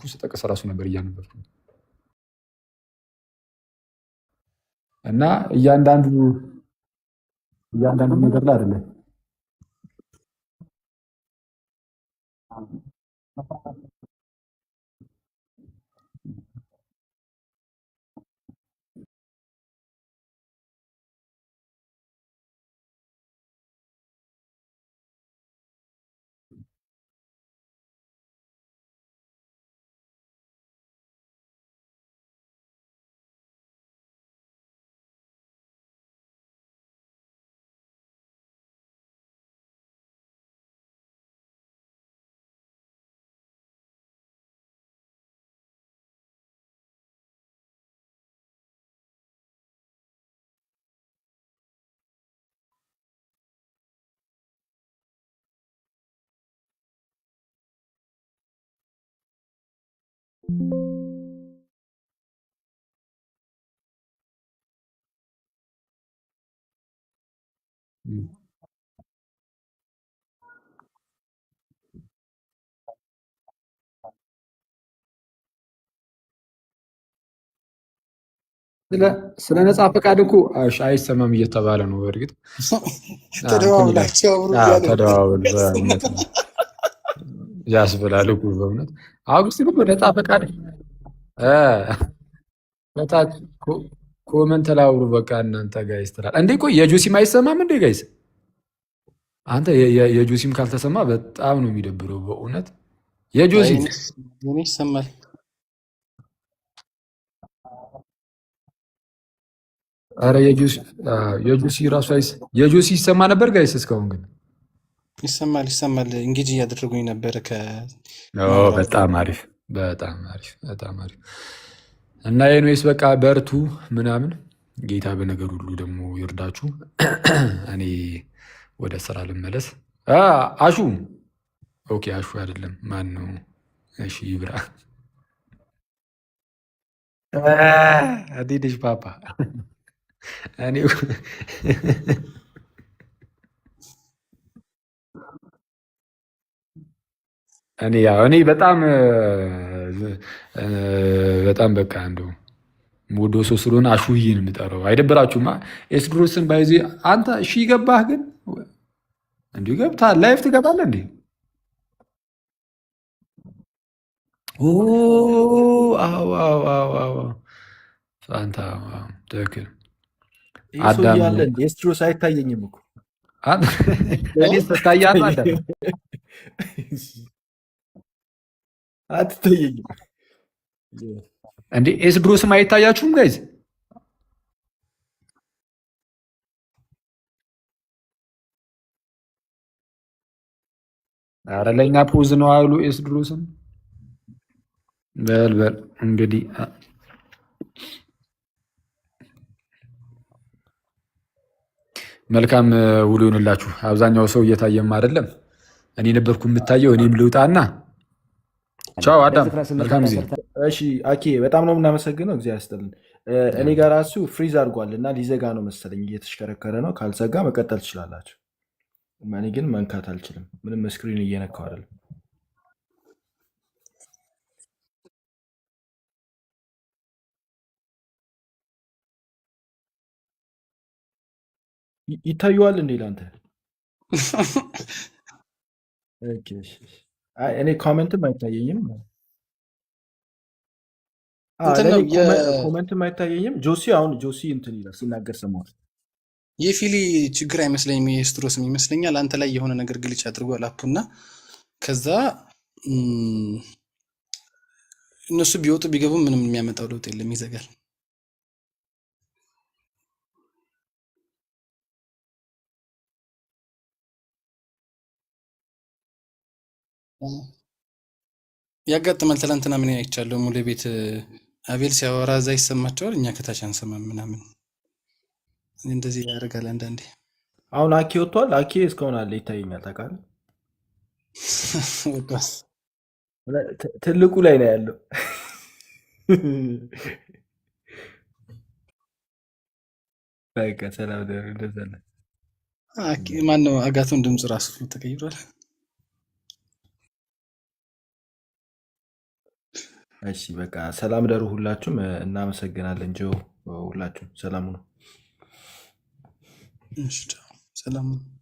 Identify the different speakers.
Speaker 1: ታሪኩን ስጠቅስ ራሱ ነበር እያነበብኩ እና እያንዳንዱ እያንዳንዱ ነገር ላይ አይደለም Mm. ስለ ነጻ ፈቃድ እኮ አይሰማም እየተባለ ነው። በእርግጥ
Speaker 2: ተደዋውላቸው
Speaker 1: ተደዋውል ያስብላል እኮ በእውነት አጉስቲን እኮ ነፃ ፈቃድ በታች ኮመንት ላውሩ በቃ እናንተ ጋይስ ትላል እንዴ? ቆይ የጁሲም አይሰማም እንዴ ጋይስ? አንተ የጁሲም ካልተሰማ በጣም ነው የሚደብረው በእውነት የጁሲ ይሰማል። ኧረ የጁሲ ራሱ የጁሲ ይሰማ ነበር ጋይስ እስካሁን ግን
Speaker 2: ይሰማል ይሰማል። እንግዲህ እያደረጉኝ ነበረ።
Speaker 1: በጣም አሪፍ በጣም አሪፍ በጣም አሪፍ እና ኤኒዌይስ በቃ በርቱ ምናምን። ጌታ በነገር ሁሉ ደግሞ ይርዳችሁ። እኔ ወደ ስራ ልመለስ። አሹ ኦኬ፣ አሹ አይደለም ማን ነው? እሺ ይብራ አዲድሽ ፓፓ እኔ እኔ ያው እኔ በጣም በጣም በቃ እንደው ሙዶ ሰው ስለሆነ አሹዬ የምጠራው። አይደብራችሁማ? ኤስድሮስን ባይዚ አንተ እሺ ይገባህ ግን እንዲሁ ገብታ ላይፍ ትገባለህ እንዴ? ፋንታ ትክክል።
Speaker 2: አይታየኝም እኮ ስታያ አትጠየቂም
Speaker 1: እንዴ? ኤስ ብሮስም አይታያችሁም ጋይዝ? አረ ለኛ ፖዝ ነው አሉ። ኤስ ብሩስም በል በል እንግዲህ መልካም ውሎ ይሆንላችሁ። አብዛኛው ሰው እየታየም አይደለም። እኔ ነበርኩ የምታየው። እኔም ልውጣና ቻው አዳም። እሺ አኬ በጣም ነው የምናመሰግነው። እግዚአብሔር ይስጥልን። እኔ ጋር እሱ ፍሪዝ አድርጓል እና ሊዘጋ ነው መሰለኝ፣ እየተሽከረከረ ነው። ካልዘጋ መቀጠል ትችላላችሁ። እኔ ግን መንካት አልችልም፣ ምንም ስክሪን እየነካው አይደለም። ይታየዋል እንዴ ላንተ? እኔ ኮመንትም አይታየኝም ኮመንትም አይታየኝም። ጆሲ አሁን ጆሲ እንትን ይላል ሲናገር ሰማሁት።
Speaker 2: የፊሊ ችግር አይመስለኝም። የስትሮስም ይመስለኛል አንተ ላይ የሆነ ነገር ግልጭ አድርጎ አላፑና ከዛ እነሱ ቢወጡ ቢገቡ ምንም የሚያመጣው ለውጥ የለም፣ ይዘጋል። ያጋጥማል። ትላንትና ምን አይቻለሁ። ሙሌ ቤት አቤል ሲያወራ እዛ ይሰማቸዋል፣ እኛ ከታች አንሰማም ምናምን። እንደዚህ ያደርጋል አንዳንዴ።
Speaker 1: አሁን አኬ ወጥቷል። አኬ እስካሁን አለ ይታየኛል። ታውቃለህ፣ ትልቁ ላይ ነው ያለው። በቃ ሰላም ደሩ። እንደዛ ነው።
Speaker 2: ማነው አጋቱን ድምፅ ራሱ ተቀይሯል።
Speaker 1: እሺ በቃ ሰላም ደሩ። ሁላችሁም እናመሰግናለን። ጆ ሁላችሁም ሰላሙ ነው።
Speaker 2: ሰላሙ